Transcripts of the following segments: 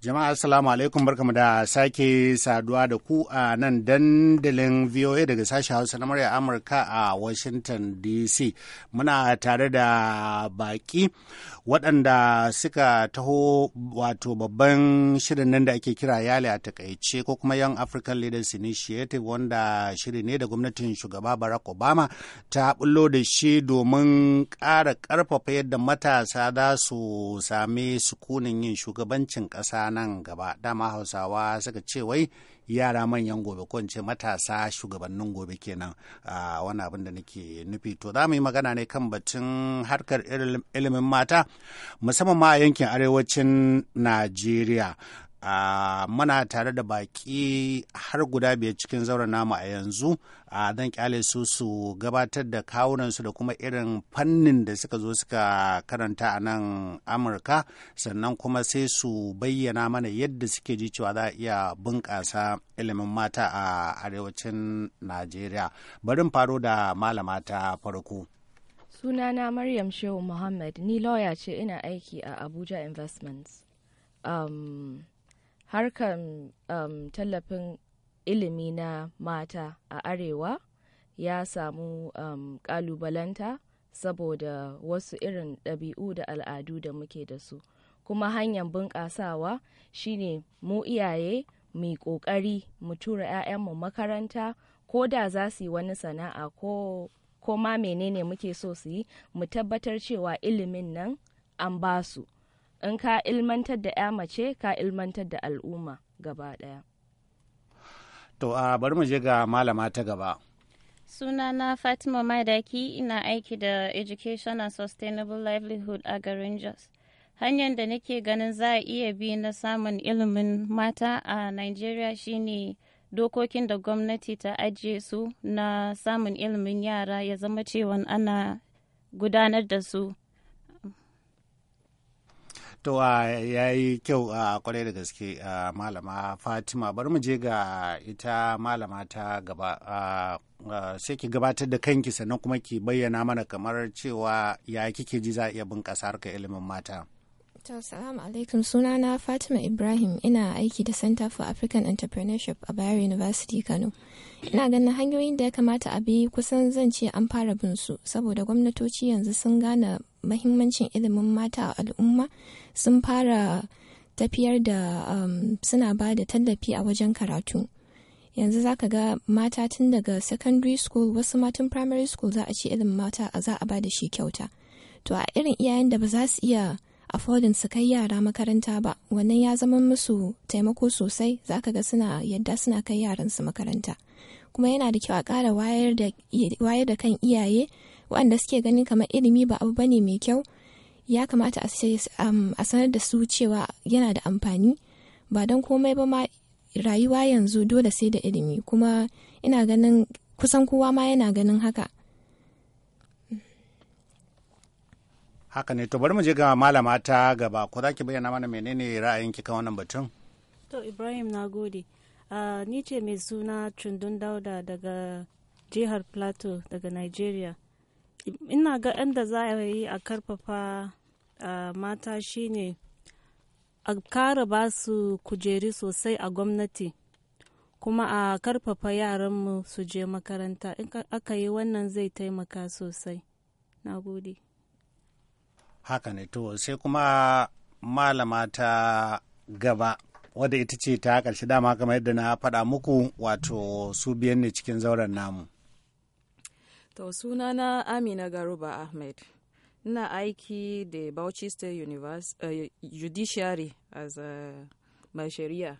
Jama'a assalamu alaikum barkamu da sake saduwa da ku a nan dandalin VOA daga sashen Hausa na murya Amurka a Washington DC. Muna tare da baki waɗanda suka taho wato babban shirin nan da ake kira yale a takaice ko kuma Young African Leaders Initiative wanda shiri ne da gwamnatin shugaba Barack Obama ta bullo da shi domin ƙara ƙarfafa yadda matasa za su same sukunin yin shugabancin ƙasa nan gaba dama hausawa suka ce wai yara manyan gobe ko ce matasa shugabannin gobe kenan a wani abin da nake nufi to za mu yi magana ne kan batun harkar ilimin mata musamman ma a yankin arewacin najeriya a mana tare da baki har guda biyar cikin zauren namu a yanzu a zan kyale su su gabatar da kawunansu da kuma irin fannin da suka zo suka karanta a nan amurka sannan kuma sai su bayyana mana yadda suke ji cewa za a iya bunƙasa ilimin mata a arewacin najeriya barin faro da malama ta farko sunana maryam shehu muhammad ni lawyer ce ina aiki a abuja investments um, harkan um, tallafin ilimi na mata a arewa ya samu um, kalubalanta saboda wasu irin ɗabi'u da al'adu da muke da su kuma hanyar bunƙasawa shine mu iyaye mu ƙoƙari mu tura yayan mu makaranta ko da za su yi wani sana'a ko ko ma menene muke so su yi mu tabbatar cewa ilimin nan an ba su in ka ilmantar da 'ya mace ka ilmantar da al'umma gaba ɗaya. To a bari mu je ga malama ta gaba. Sunana Fatima Madaki ina aiki da Education and Sustainable Livelihood a garin Jos. Hanyar da nake ganin za a iya bi na samun ilimin mata a Nigeria shine dokokin da gwamnati ta ajiye su na samun ilimin yara ya zama cewa ana gudanar da su To ya yi kyau a kwarai da gaske malama Fatima bari mu je ga ita malama ta gaba sai ki gabatar da kanki sannan kuma ki bayyana mana kamar cewa ya kike ji za a iya bunƙasa harkar ilimin mata. To, salamu alaikum sunana Fatima Ibrahim ina aiki da Center for African Entrepreneurship a Bayero University Kano. Ina ganin hanyoyin da ya kamata a bi kusan zan ce an fara bin su saboda gwamnatoci yanzu sun gane mahimmancin ilimin mata a al'umma sun fara tafiyar da um, suna ba da tallafi a wajen karatu. yanzu za ka ga mata tun daga secondary school wasu matan primary school za a ce ilimin mata za a ba da shi kyauta to a irin iyayen da ba za su iya a afodin su kai yara makaranta ba wannan ya zama musu taimako sosai za ka ga suna yadda suna kai yaran su makaranta kuma yana da kyau a ƙara wayar da kan iyaye waɗanda suke ganin kamar ilimi ba abu bane mai kyau ya kamata um, a sanar da su cewa yana da amfani ba don komai ba ma rayuwa yanzu dole sai da ilimi kuma ina ganin kusan kowa ma yana ganin haka haka ne to bari mu je ga malama ta gaba ko za bayyana mana menene ra'ayinki kan wannan batun to ibrahim na gode uh, ni ce mai suna cundun dauda daga jihar plateau daga nigeria ina ga da za a yi a karfafa uh, mata shine a kara ba su kujeri sosai a gwamnati kuma a karfafa yaranmu su je makaranta in aka yi wannan zai taimaka sosai na gode haka ne to sai kuma malama ta gaba wadda ita ce ta karshe dama kamar yadda na faɗa muku wato su biyan ne cikin zauren namu to na amina garuba ahmed ina aiki da bauchi state uh, judiciary as a mai shari'a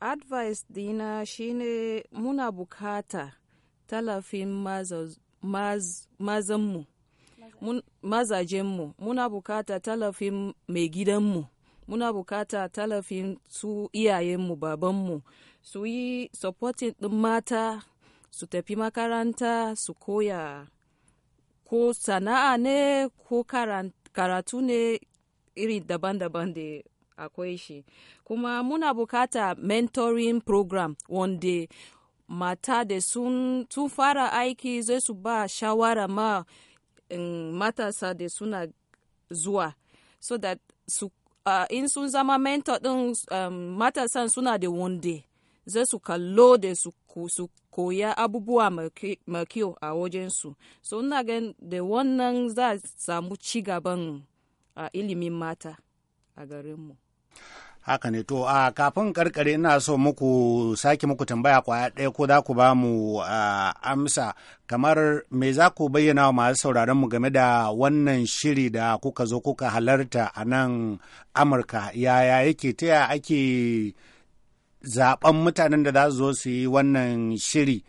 advice dina shine muna bukata tallafin mazanmu maz, mazajenmu muna bukata talafin mai gidanmu muna bukata talafin su iyayenmu babanmu su yi supporting ɗin mata su tafi makaranta su koya ko sana'a ne ko karatu ne iri daban-daban da akwai shi kuma muna bukata mentoring program wanda mata da sun fara aiki zai su ba shawara ma matasa da suna zuwa so that su uh, in sun zama mentor din um, matasan suna da wunde zai su kallo da su koya abubuwa mai kyau a wajensu so ina gan da wannan za samu cigaban a uh, ilimin mata a garinmu haka ne to a kafin karkare ina so muku sake muku tambaya kwaya ɗaya ko za ku ba mu amsa kamar me za ku bayyana wa masu sauraron mu game da wannan shiri da kuka zo kuka halarta a nan amurka yaya yake ta yaya ake zaben mutanen da za su zo su yi wannan shiri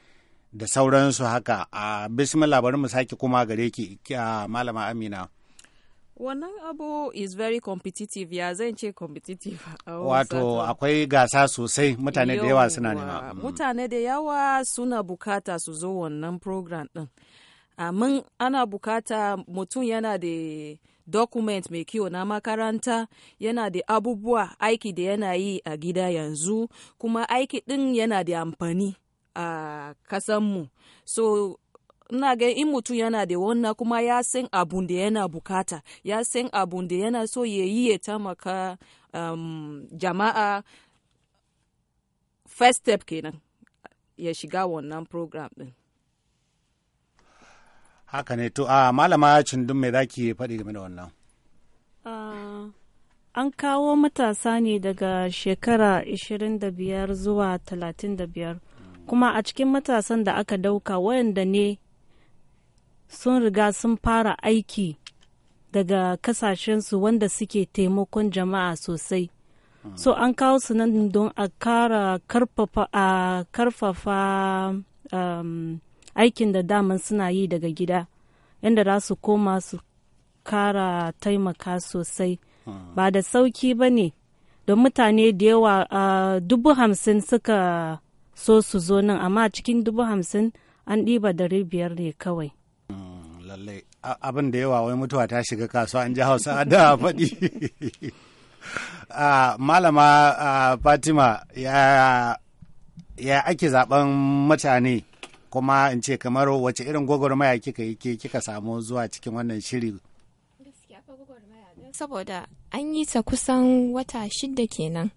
da sauransu haka a bismillah bari mu sake kuma gare ki malama amina Wannan abu is very competitive ya zan ce competitive Wato akwai gasa sosai mutane da yawa suna nema. Mm. Mutane da yawa suna bukata su zo wannan program din. Amin ana bukata mutum yana da document mai kyau na makaranta yana da abubuwa aiki da yana yi a gida yanzu kuma aiki din yana da amfani a kasanmu. So ina ga in mutum yana da wannan kuma ya san abun da yana bukata ya san abun da yana so ya yi ya tamaka um, jama'a first step kenan ya shiga wannan program din haka ne to a malama cindin mai zaki faɗi game da wannan an kawo matasa ne daga shekara 25 zuwa 35 kuma a cikin matasan da aka dauka wayanda ne sun riga sun fara aiki daga kasashensu wanda suke taimakon jama'a sosai so an kawo su nan don a kara karfafa um, aikin da daman suna yi daga gida yadda za su koma su kara taimaka sosai ba da sauki ba ne don mutane da yawa dubu hamsin suka so su zo nan amma cikin dubu hamsin an ɗiba dari biyar ne kawai lallai abin da yawa wai mutuwa ta shiga kasuwa an ji hausa da faɗi malama fatima ya ake zaben mutane kuma in ce kamar wace irin gwagwarmaya kika yi kika samu zuwa cikin wannan shiri saboda an yi ta kusan wata shida kenan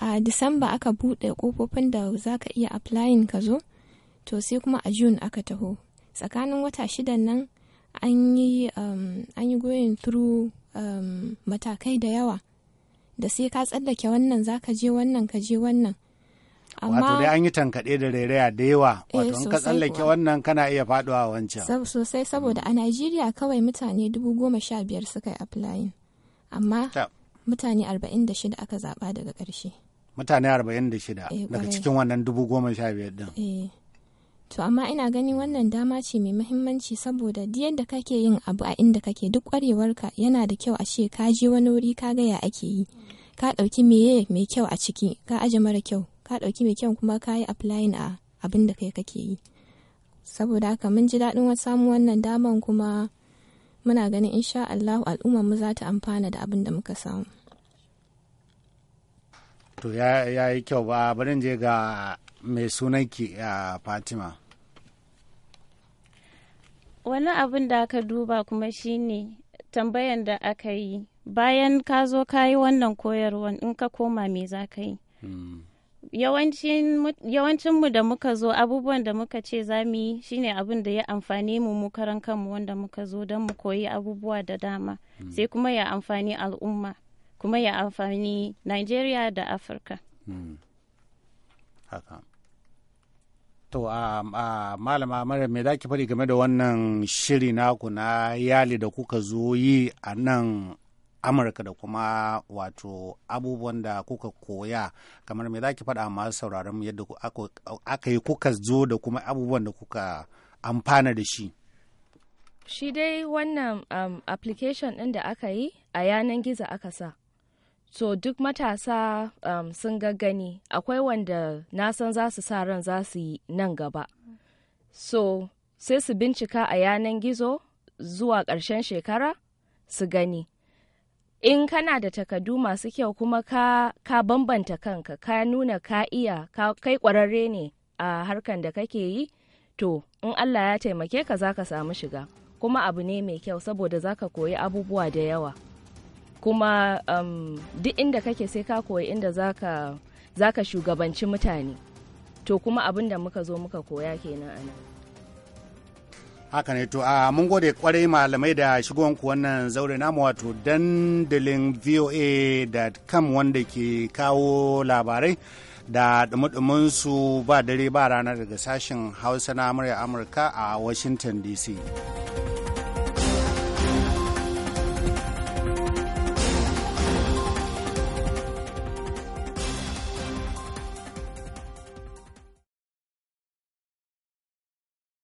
a disamba aka buɗe ƙofofin da za ka iya applying ka zo to sai kuma a june aka taho tsakanin wata shidan nan an yi um, an yi going through um, matakai da yawa da sai ka tsallake wannan za ka je wannan ka je wannan wato dai an yi tankaɗe da rairaya da yawa eh, wato in ka tsallake wannan kana iya faduwa wancan sosai saboda a najeriya kawai mutane dubu goma sha biyar suka yi applying amma mutane arba'in da shida aka zaɓa daga ƙarshe mutane arba'in da shida eh, daga cikin wannan dubu goma sha biyar din eh. to amma ina ganin wannan dama ce mai mahimmanci saboda duk yadda kake yin abu a inda kake duk kwarewarka yana da kyau a ce ka je wani wuri ka ga ya ake yi ka ɗauki meye mai kyau a ciki ka aje mara kyau ka ɗauki mai kyau kuma ka yi applying a abin da kai kake yi saboda haka mun ji daɗin samun wannan daman kuma muna ganin insha Allah al'ummar mu za ta amfana da abin da muka samu to ya yi kyau ba barin je ga mai sunanki a fatima wani abin da aka duba kuma shine tambayan da aka yi bayan ka zo ka yi wannan koyarwan in ka koma me za ka yi hmm. yawancinmu da muka zo abubuwan da muka ce za mu yi shine abin da ya amfani mu mu karan kanmu wanda muka zo don mu koyi abubuwa da dama hmm. sai kuma ya amfani al'umma kuma ya amfani nigeria da afirka hmm. haka To a malama mara me zaki faɗi game da wannan shiri naku na yali da kuka zo yi a nan Amurka da kuma wato abubuwan da kuka koya kamar me zaki faɗa masu sauraron yadda aka yi kuka zo da kuma abubuwan da kuka amfana da shi. Shi dai wannan um, application ɗin da aka yi a yanan gizo aka sa. so duk matasa um, sun gani akwai wanda na san za su sa ran za su yi nan gaba so sai su bincika a yanan gizo zuwa ƙarshen shekara su gani in kana da takadu masu kyau kuma ka, ka bambanta kanka ka nuna ka iya ka, kai ƙwararre ne a harkan da kake yi to in allah ya taimake ka za ka samu shiga kuma abu ne mai kyau saboda za ka koyi abubuwa da yawa kuma um, duk inda kake sai ka koyi inda zaka zaka shugabanci mutane to kuma abin da muka zo muka koya kenan a nan haka ne to a mun gode kwarai malamai da shigonku wannan zaure namu wato dandalin voa.com wanda ke kawo labarai da dumudumunsu ba dare ba rana daga sashen hausa na murya amurka a washington dc